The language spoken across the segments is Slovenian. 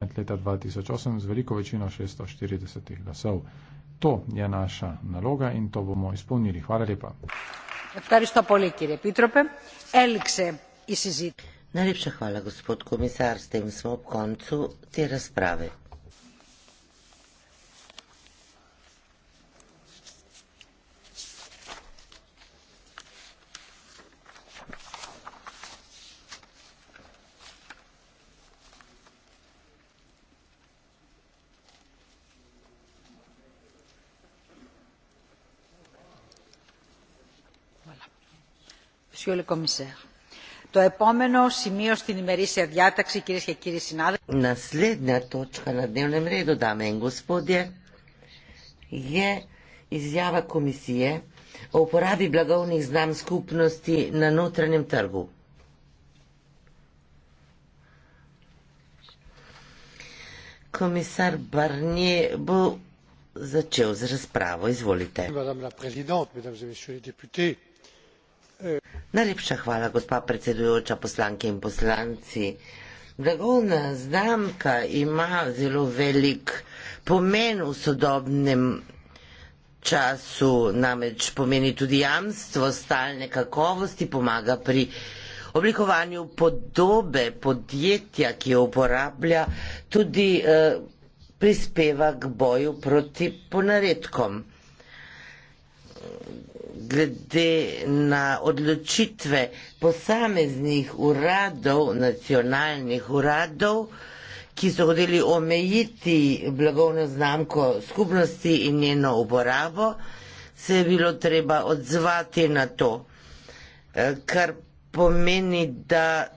med leta 2008 z veliko večino 640 glasov. To je naša naloga in to bomo izpolnili. Hvala lepa. Ευχαριστώ πολύ κύριε Πίτροπε. Έληξε η συζήτηση. Najlepša hvala, gospod komisar, s tem smo ob koncu te razprave. monsieur le commissaire το επόμενο σημείο στην ημερήσια διάταξη, κυρίε και κύριοι συνάδελφοι. Να σλέδνα το τσχαναδέο νεμρέ, το δάμε, γκοσπόδια, γε изјава комисије о упораби благовних знам скупности на нутренем тргу. Комисар Барње бу зачел за расправо. Изволите. Мадам ла президент, мадам и месеје депутати, Najlepša hvala, gospa predsedujoča, poslanke in poslanci. Blagovna znamka ima zelo velik pomen v sodobnem času, namreč pomeni tudi jamstvo stalne kakovosti, pomaga pri oblikovanju podobe podjetja, ki jo uporablja, tudi eh, prispeva k boju proti ponaredkom glede na odločitve posameznih uradov, nacionalnih uradov, ki so hoteli omejiti blagovno znamko skupnosti in njeno uporabo, se je bilo treba odzvati na to, eh, kar pomeni, da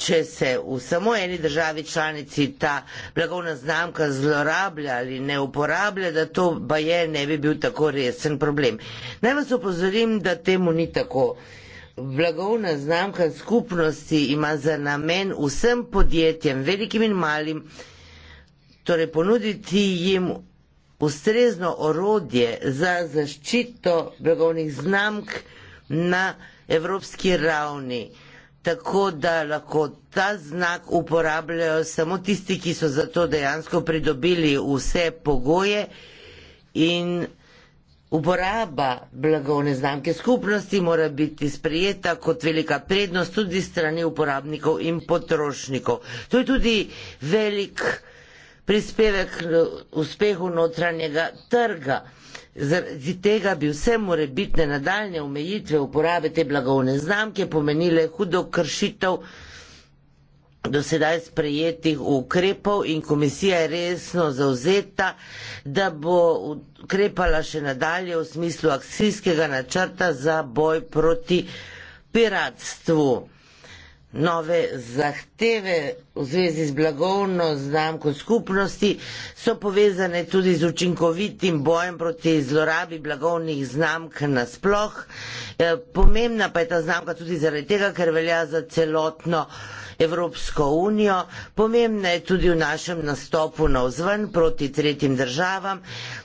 če se v samo eni državi članici ta blagovna znamka zlorablja ali ne uporablja, da to pa je ne bi bil tako resen problem. Naj vas upozorim, da temu ni tako. Blagovna znamka skupnosti ima za namen vsem podjetjem, velikim in malim, torej ponuditi jim ustrezno orodje za zaščito blagovnih znamk na evropski ravni tako da lahko ta znak uporabljajo samo tisti, ki so za to dejansko pridobili vse pogoje in uporaba blagovne znamke skupnosti mora biti sprijeta kot velika prednost tudi strani uporabnikov in potrošnikov. To je tudi velik prispevek k uspehu notranjega trga. Zaradi tega bi vse morebitne nadaljne omejitve uporabe te blagovne znamke pomenile hudo kršitev do sedaj sprejetih ukrepov in komisija je resno zauzeta, da bo ukrepala še nadalje v smislu akcijskega načrta za boj proti piratstvu nove zahteve v zvezi z blagovno znamko skupnosti so povezane tudi z učinkovitim bojem proti zlorabi blagovnih znamk nasploh. E, pomembna pa je ta znamka tudi zaradi tega, ker velja za celotno Evropsko unijo. Pomembna je tudi v našem nastopu na vzven proti tretjim državam,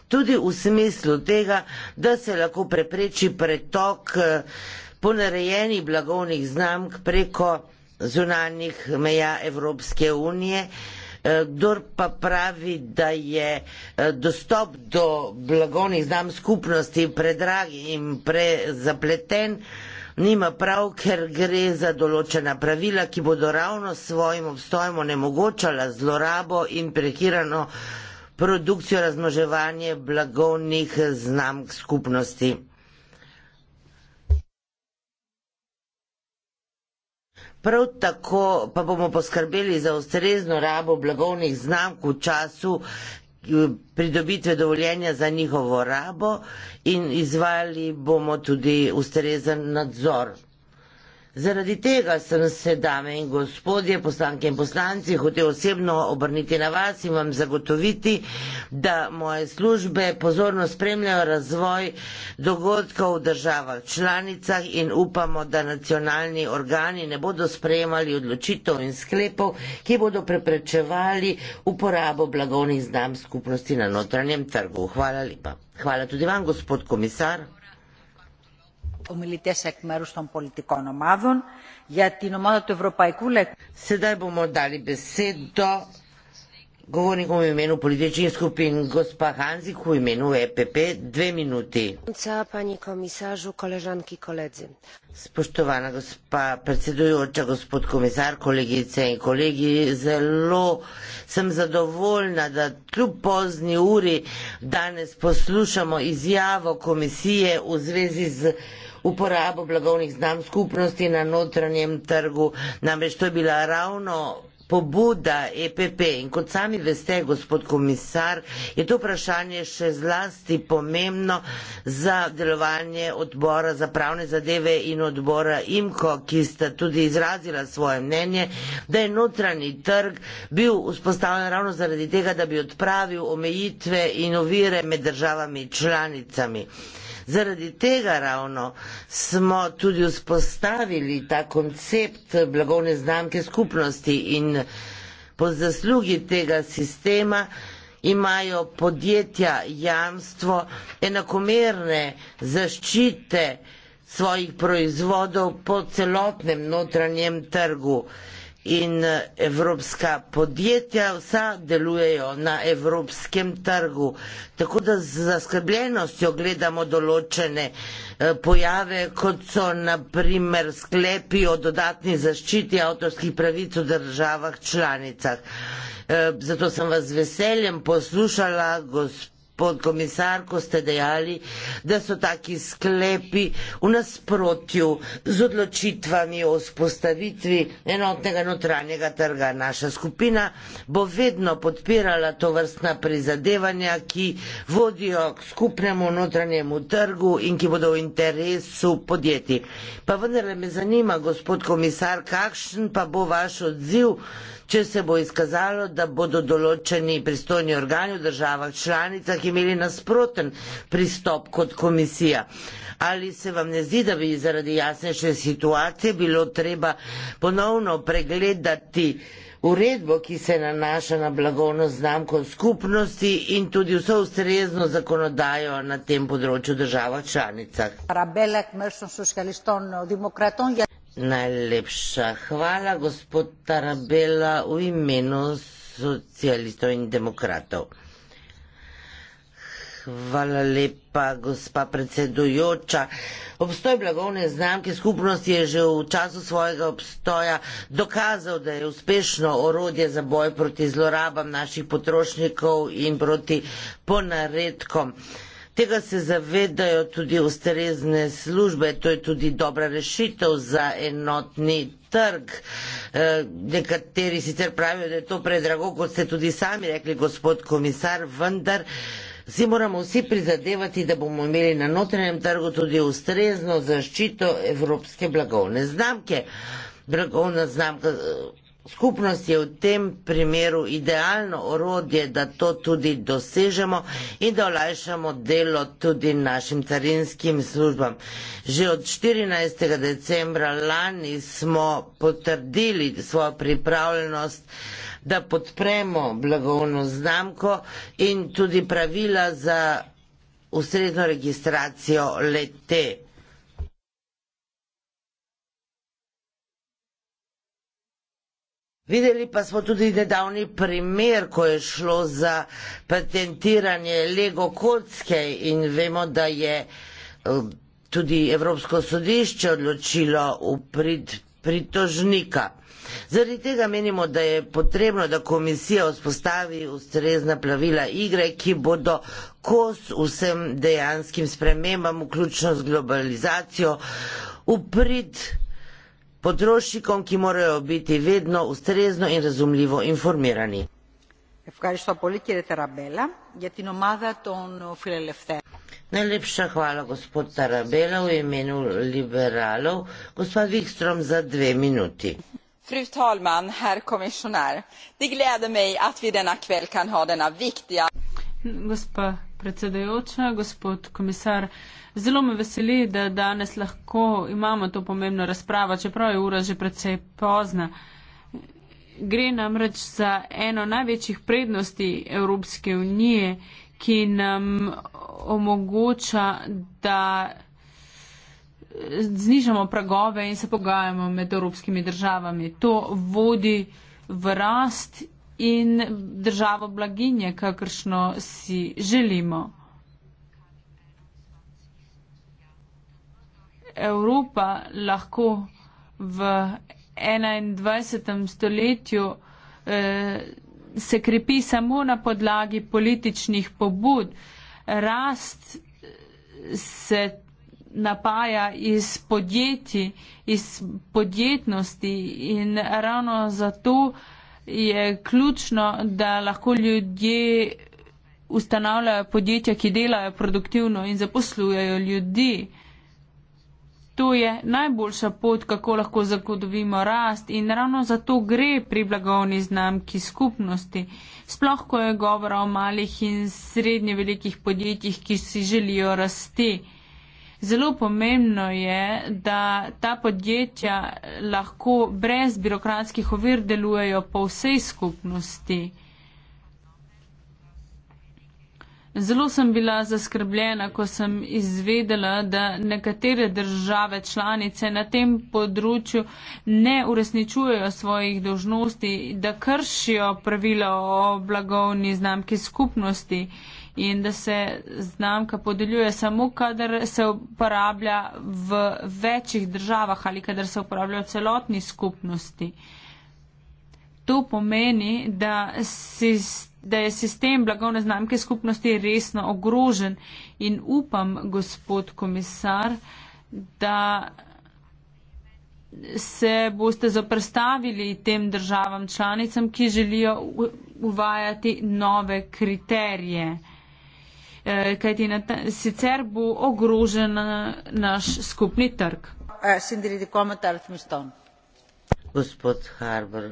tudi v smislu tega, da se lahko prepreči pretok e, ponarejenih blagovnih znamk preko zunanjih meja Evropske unije. Eh, kdor pa pravi, da je eh, dostop do blagovnih znam skupnosti predrag in prezapleten, nima prav, ker gre za določena pravila, ki bodo ravno s svojim obstojem onemogočala zlorabo in prekirano produkcijo razmoževanje blagovnih znam skupnosti. Prav tako pa bomo poskrbeli za ustrezno rabo blagovnih znamk v času eh, pridobitve dovoljenja za njihovo rabo in izvajali bomo tudi ustrezen nadzor Zaradi tega sem se, dame in gospodje, poslanke in poslanci, hotel osebno obrniti na vas in vam zagotoviti, da moje službe pozorno spremljajo razvoj dogodkov v državah članicah in upamo, da nacionalni organi ne bodo sprejemali odločitev in sklepov, ki bodo preprečevali uporabo blagovnih znam skupnosti na notranjem trgu. Hvala lepa. Hvala tudi vam, gospod komisar ομιλητές εκ μέρους των πολιτικών ομάδων για την ομάδα του Ευρωπαϊκού Λεκτήματος. Govorniku političkim skupin gospa Hanzi, ku imenu EPP, dve minuti. Pani komisažu, koležanki, koledzi. Spoštovana gospa predsedujoča, gospod komisar, kolegice in kolegi, zelo sem zadovoljna, da kljub pozni uri danes poslušamo izjavo komisije v zvezi z uporabo blagovnih znam skupnosti na notranjem trgu. Namreč to je bila ravno pobuda EPP in kot sami veste, gospod komisar, je to vprašanje še zlasti pomembno za delovanje odbora za pravne zadeve in odbora IMKO, ki sta tudi izrazila svoje mnenje, da je notranji trg bil vzpostavljen ravno zaradi tega, da bi odpravil omejitve in ovire med državami članicami. Zaradi tega ravno smo tudi vzpostavili ta koncept blagovne znamke skupnosti in po zaslugi tega sistema imajo podjetja jamstvo enakomerne zaščite svojih proizvodov po celotnem notranjem trgu in eh, evropska podjetja, vsa delujejo na evropskem trgu. Tako da z zaskrbljenostjo gledamo določene eh, pojave, kot so naprimer sklepi o dodatni zaščiti avtorskih pravic v državah članicah. Eh, zato sem vas z veseljem poslušala gospod podkomisar, ko ste dejali, da so taki sklepi v nasprotju z odločitvami o spostavitvi enotnega notranjega trga. Naša skupina bo vedno podpirala to vrstna prizadevanja, ki vodijo k skupnemu notranjemu trgu in ki bodo v interesu podjetij. Pa vendarle me zanima, gospod komisar, kakšen pa bo vaš odziv če se bo izkazalo, da bodo določeni pristojni organi v državah članicah imeli nasproten pristop kot komisija. Ali se vam ne zdi, da bi zaradi jasnejše situacije bilo treba ponovno pregledati uredbo, ki se nanaša na blagovno znamko skupnosti in tudi vso ustrezno zakonodajo na tem področju državah članicah? Rabelek, mešan, Najlepša hvala, gospod Tarabela, v imenu socialistov in demokratov. Hvala lepa, gospa predsedujoča. Obstoj blagovne znamke skupnosti je že v času svojega obstoja dokazal, da je uspešno orodje za boj proti zlorabam naših potrošnikov in proti ponaredkom. Uh, Tega se zavedajo tudi ustrezne službe, to je tudi dobra rešitev za enotni trg. E, nekateri sicer pravijo, da je to predrago, kot ste tudi sami rekli, gospod komisar, vendar si moramo vsi prizadevati, da bomo imeli na notranjem trgu tudi ustrezno zaščito evropske blagovne znamke. Blagovna znamka Skupnost je v tem primeru idealno orodje, da to tudi dosežemo in da olajšamo delo tudi našim carinskim službam. Že od 14. decembra lani smo potrdili svojo pripravljenost, da podpremo blagovno znamko in tudi pravila za ustrezno registracijo lete. Videli pa smo tudi nedavni primer, ko je šlo za patentiranje Lego kocke in vemo, da je eh, tudi Evropsko sodišče odločilo v prid pritožnika. Zaradi tega menimo, da je potrebno, da komisija vzpostavi ustrezna pravila igre, ki bodo kos vsem dejanskim spremembam, vključno z globalizacijo, v prid pritožnika potrošnikom, ki morajo biti vedno ustrezno in razumljivo informirani. Najlepša hvala, gospod Tarabela, v imenu liberalov. Gospod Wikström, za dve minuti. Fru talman, herr kommissionär, det gläder mig att vi denna kväll kan ha denna viktiga... Gospa predsedajoča, gospod komisar, zelo me veseli, da danes lahko imamo to pomembno razpravo, čeprav je ura že predvsej pozna. Gre namreč za eno največjih prednosti Evropske unije, ki nam omogoča, da znižamo pragove in se pogajamo med evropskimi državami. To vodi v rast in državo blaginje, kakršno si želimo. Evropa lahko v 21. stoletju eh, se krepi samo na podlagi političnih pobud. Rast eh, se napaja iz podjetij, iz podjetnosti in ravno zato eh, je ključno, da lahko ljudje ustanavljajo podjetja, ki delajo produktivno in zaposlujejo ljudi. To je najboljša pot, kako lahko zagotovimo rast in ravno zato gre pri blagovni znamki skupnosti. Sploh, ko je govora o malih in srednje velikih podjetjih, ki si želijo rasti. Zelo pomembno je, da ta podjetja lahko brez birokratskih ovir delujejo po vsej skupnosti. Zelo sem bila zaskrbljena, ko sem izvedela, da nekatere države članice na tem področju ne uresničujejo svojih dožnosti, da kršijo pravila o blagovni znamki skupnosti in da se znamka podeljuje samo, kadar se uporablja v večjih državah ali kadar se uporablja v celotni skupnosti. To pomeni, da, si, da je sistem blagovne znamke skupnosti resno ogrožen in upam, gospod komisar, da se boste zaprstavili tem državam članicam, ki želijo uvajati nove kriterije. Eh, kajti na ta, sicer bo ogrožen naš skupni trg. Eh, gospod Harbor,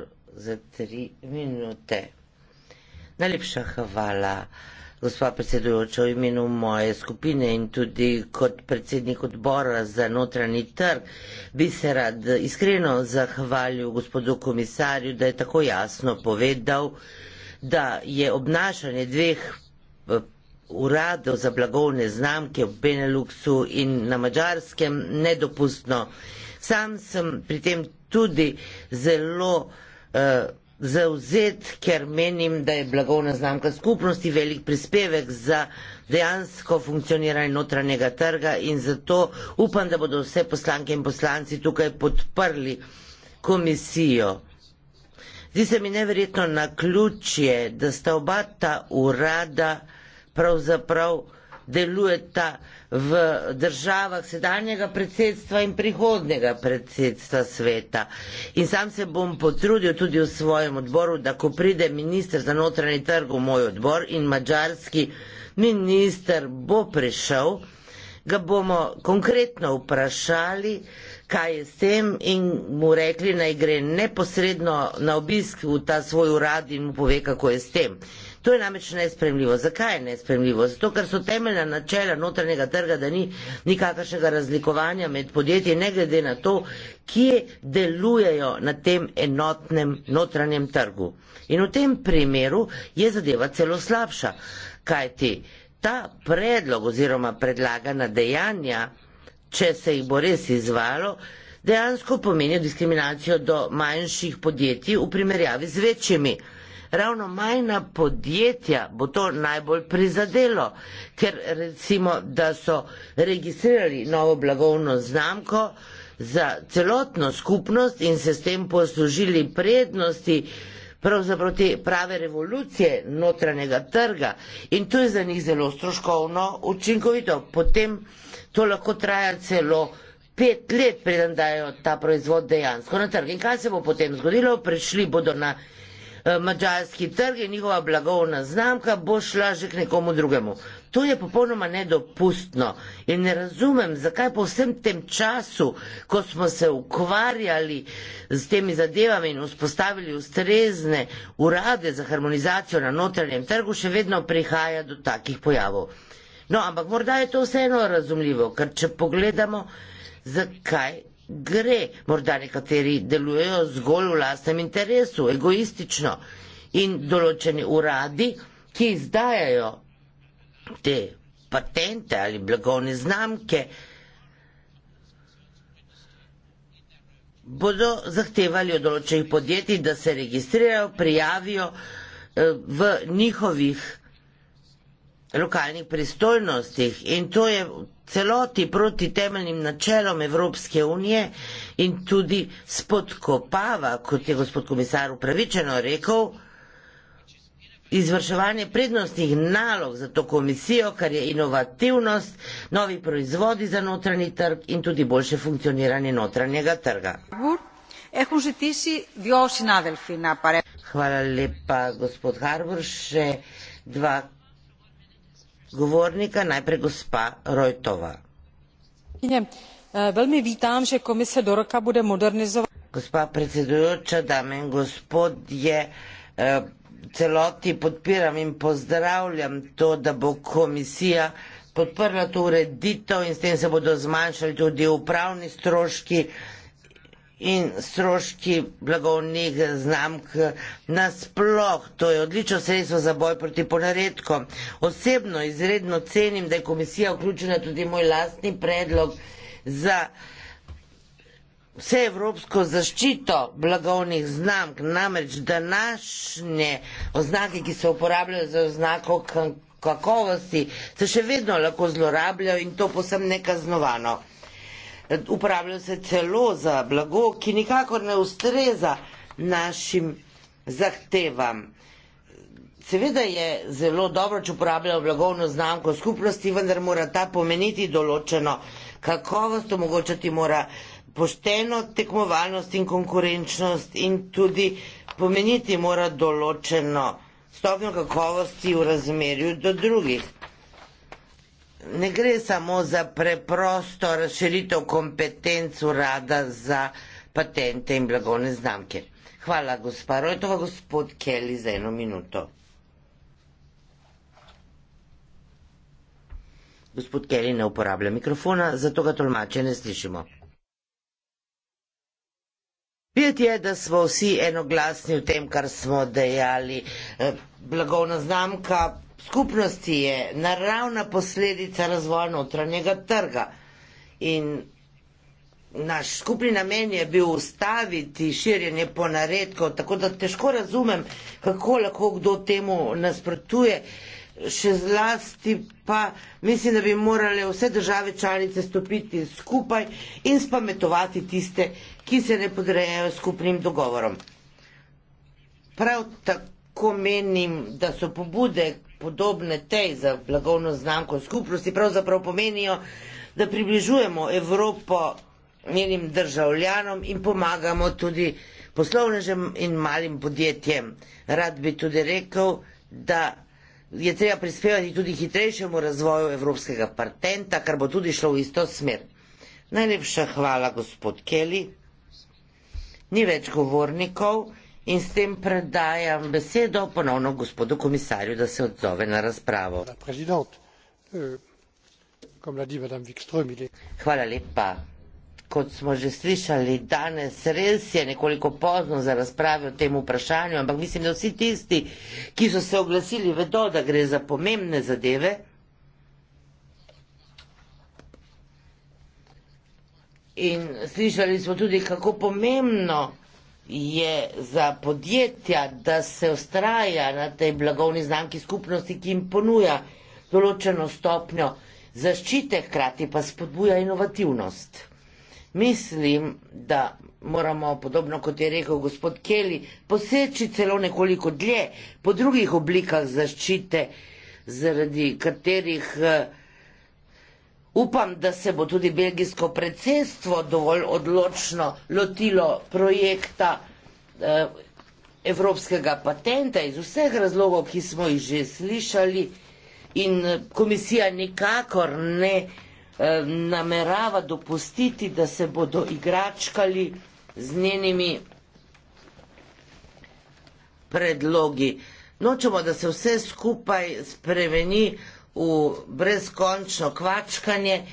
za tri minute. Najlepša hvala, gospod predsedujoča, v imenu moje skupine in tudi kot predsednik odbora za notranji trg bi se rad iskreno zahvalil gospodu komisarju, da je tako jasno povedal, da je obnašanje dveh eh, urado za blagovne znamke v Beneluxu in na Mačarskem nedopustno. Sam sem pri tem tudi zelo uh, eh, zauzet, ker menim, da je blagovna znamka skupnosti velik prispevek za dejansko funkcioniranje notranjega trga in zato upam, da bodo vse poslanke in poslanci tukaj podprli komisijo. Zdi se mi neverjetno na ključje, da sta oba ta urada pravzaprav delujeta v državah sedanjega predsedstva in prihodnega predsedstva sveta. In sam se bom potrudil tudi v svojem odboru, da ko pride minister za notranji trg v moj odbor in mačarski minister bo prišel, ga bomo konkretno vprašali, kaj je s tem in mu rekli, naj gre neposredno na obisk v ta svoj urad in mu pove, kako je s tem. To je namreč nespremljivo. Zakaj je nespremljivo? Zato, ker so temeljna načela notranjega trga, da ni nikakršnega razlikovanja med podjetji, ne glede na to, kje delujejo na tem enotnem notranjem trgu. In v tem primeru je zadeva celo slabša, kajti ta predlog oziroma predlagana dejanja, če se jih bo res izvalo, dejansko pomenijo diskriminacijo do manjših podjetij v primerjavi z večjimi podjetji ravno majhna podjetja bo to najbolj prizadelo, ker recimo, da so registrirali novo blagovno znamko za celotno skupnost in se s tem poslužili prednosti pravzaprav te prave revolucije notranjega trga in to je za njih zelo stroškovno učinkovito. Potem to lahko traja celo pet let, preden dajo ta proizvod dejansko na trg. In kaj se bo potem zgodilo? Prišli bodo na Eh, mađarski trg in njihova blagovna znamka bo šla že k nekomu drugemu. To je popolnoma nedopustno in ne razumem, zakaj po vsem tem času, ko smo se ukvarjali z temi zadevami in vzpostavili ustrezne urade za harmonizacijo na notranjem trgu, še vedno prihaja do takih pojavov. No, ampak morda je to vseeno razumljivo, ker če pogledamo, zakaj gre, morda nekateri delujejo zgolj v lastnem interesu, egoistično in določeni uradi, ki izdajajo te patente ali blagovne znamke, bodo zahtevali od določenih podjetij, da se registrirajo, prijavijo eh, v njihovih lokalnih pristojnostih in to je celoti proti temeljnim načelom Evropske unije in tudi spodkopava, kot je gospod komisar upravičeno rekel, izvrševanje prednostnih nalog za to komisijo, kar je inovativnost, novi proizvodi za notranji trg in tudi boljše funkcioniranje notranjega trga. Hvala lepa, gospod Harbor, še dva govornika najprej gospa Rojtova. Eh, velmi vítám, že komise do roka bude modernizovat. Gospa predsedujoča, dame in gospodje, eh, celoti podpiram in pozdravljam to, da bo komisija podprla to ureditev in s tem se bodo zmanjšali tudi upravni stroški in stroški blagovnih znamk nasploh. To je odlično sredstvo za boj proti ponaredkom. Osebno izredno cenim, da je komisija vključena tudi moj lastni predlog za vseevropsko zaščito blagovnih znamk, namreč današnje oznake, ki se uporabljajo za oznako kakovosti, se še vedno lahko zlorabljajo in to posem nekaznovano uporabljajo se celo za blago, ki nikakor ne ustreza našim zahtevam. Seveda je zelo dobro, če uporabljajo blagovno znamko skupnosti, vendar mora ta pomeniti določeno kakovost, omogočati mora pošteno tekmovalnost in konkurenčnost in tudi pomeniti mora določeno stopnjo kakovosti v razmerju do drugih ne gre samo za preprosto razširitev kompetenc urada za patente in blagovne znamke. Hvala, gospa Rojtova, gospod Kelly, za eno minuto. Gospod Kelly ne uporablja mikrofona, zato ga tolmače ne slišimo. Pet je, da smo vsi enoglasni v tem, kar smo dejali. Eh, blagovna znamka skupnosti je naravna posledica razvoja notranjega trga. In naš skupni namen je bil ustaviti širjenje ponaredkov, tako da težko razumem, kako lahko kdo temu nasprotuje. Še zlasti pa mislim, da bi morale vse države članice stopiti skupaj in spametovati tiste, ki se ne podrejajo skupnim dogovorom. Prav tako menim, da so pobude, podobne tej za blagovno znamko skupnosti pravzaprav pomenijo, da približujemo Evropo njenim državljanom in pomagamo tudi poslovnežem in malim podjetjem. Rad bi tudi rekel, da je treba prispevati tudi hitrejšemu razvoju evropskega patenta, kar bo tudi šlo v isto smer. Najlepša hvala, gospod Kelly. Ni več govornikov. In s tem predajam besedo ponovno gospodu komisarju, da se odzove na razpravo. Euh, Hvala lepa. Kot smo že slišali danes, res je nekoliko pozno za razprave o tem vprašanju, ampak mislim, da vsi tisti, ki so se oglasili, vedo, da gre za pomembne zadeve. In slišali smo tudi, kako pomembno je za podjetja, da se ustraja na tej blagovni znamki skupnosti, ki jim ponuja določeno stopnjo zaščite, hkrati pa spodbuja inovativnost. Mislim, da moramo, podobno kot je rekel gospod Keli, poseči celo nekoliko dlje po drugih oblikah zaščite, zaradi katerih eh, Upam, da se bo tudi belgijsko predsedstvo dovolj odločno lotilo projekta eh, evropskega patenta iz vseh razlogov, ki smo jih že slišali in eh, komisija nikakor ne eh, namerava dopustiti, da se bodo igračkali z njenimi predlogi. Nočemo, da se vse skupaj spremeni v brezkončno kvačkanje.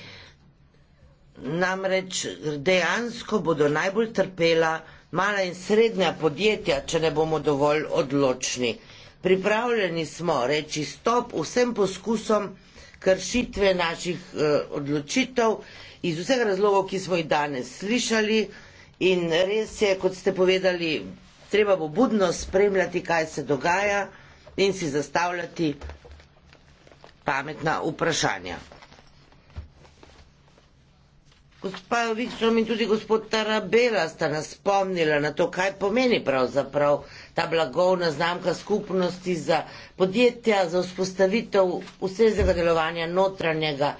Namreč dejansko bodo najbolj trpela mala in srednja podjetja, če ne bomo dovolj odločni. Pripravljeni smo reči stop vsem poskusom kršitve naših eh, odločitev iz vseh razlogov, ki smo jih danes slišali in res je, kot ste povedali, treba bo budno spremljati, kaj se dogaja in si zastavljati pametna vprašanja. Gospa Vikstrom in tudi gospod Tarabela sta nas spomnila na to, kaj pomeni pravzaprav ta blagovna znamka skupnosti za podjetja, za vzpostavitev vsezega delovanja notranjega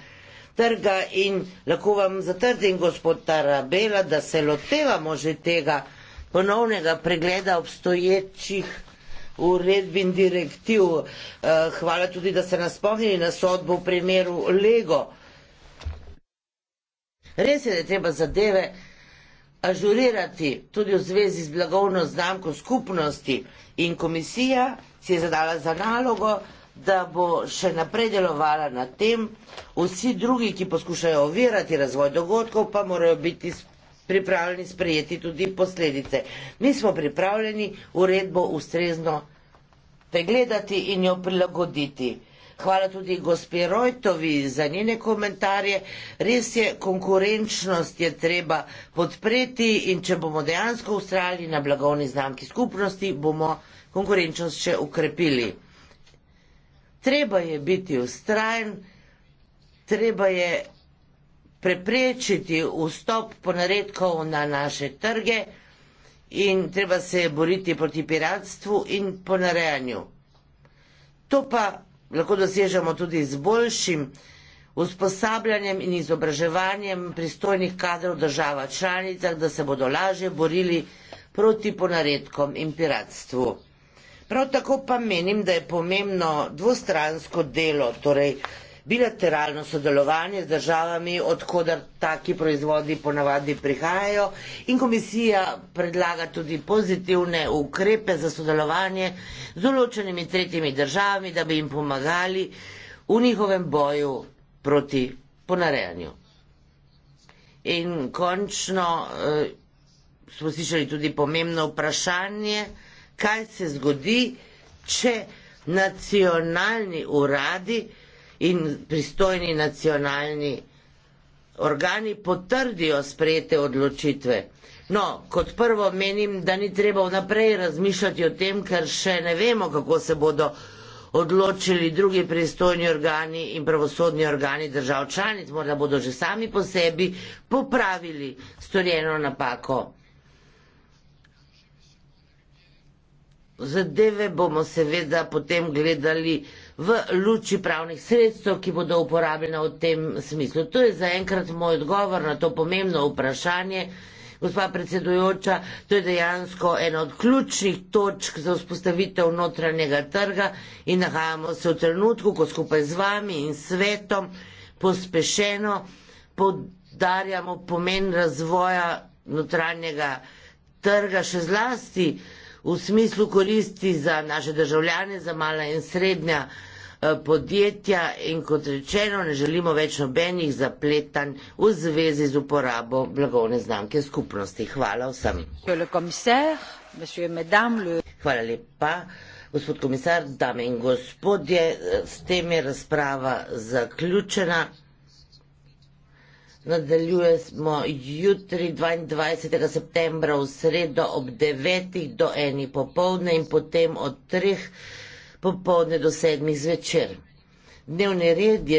trga in lahko vam zatrdim, gospod Tarabela, da se lotevamo že tega ponovnega pregleda obstoječih uredb in direktiv. Eh, hvala tudi, da ste nas spomnili na sodbo v primeru Lego. Res je, da je treba zadeve ažurirati tudi v zvezi z blagovno znamko skupnosti in komisija si je zadala za nalogo, da bo še naprej delovala na tem. Vsi drugi, ki poskušajo ovirati razvoj dogodkov, pa morajo biti spremljeni pripravljeni sprejeti tudi posledice. Mi smo pripravljeni uredbo ustrezno pregledati in jo prilagoditi. Hvala tudi gospe Rojtovi za njene komentarje. Res je, konkurenčnost je treba podpreti in če bomo dejansko ustrajali na blagovni znamki skupnosti, bomo konkurenčnost še ukrepili. Treba je biti ustrajen, treba je preprečiti vstop ponaredkov na naše trge in treba se boriti proti piratstvu in ponarejanju. To pa lahko dosežemo tudi z boljšim usposabljanjem in izobraževanjem pristojnih kadrov država članicah, da se bodo lažje borili proti ponaredkom in piratstvu. Prav tako pa menim, da je pomembno dvostransko delo, torej bilateralno sodelovanje z državami, odkudar taki proizvodi ponavadi prihajajo in komisija predlaga tudi pozitivne ukrepe za sodelovanje z določenimi tretjimi državami, da bi jim pomagali v njihovem boju proti ponarejanju. In končno eh, smo slišali tudi pomembno vprašanje, kaj se zgodi, če nacionalni uradi in pristojni nacionalni organi potrdijo sprejete odločitve. No, kot prvo menim, da ni treba vnaprej razmišljati o tem, ker še ne vemo, kako se bodo odločili drugi pristojni organi in pravosodni organi držav članic, morda bodo že sami po sebi popravili storjeno napako. Zadeve bomo seveda potem gledali v luči pravnih sredstev, ki bodo uporabljena v tem smislu. To je zaenkrat moj odgovor na to pomembno vprašanje. Gospa predsedujoča, to je dejansko ena od ključnih točk za vzpostavitev notranjega trga in nahajamo se v trenutku, ko skupaj z vami in svetom pospešeno podarjamo pomen razvoja notranjega trga, še zlasti v smislu koristi za naše državljane, za mala in srednja država. Eh, podjetja in kot rečeno, ne želimo več nobenih zapletanj v zvezi z uporabo blagovne znamke skupnosti. Hvala vsem. Hvala lepa. Gospod komisar, dame in gospodje, s tem je razprava zaključena. Nadaljujemo jutri 22. septembra v sredo ob 9. do 1. popovdne in potem od 3 popovdne do sedmih zvečer. Dnevni red je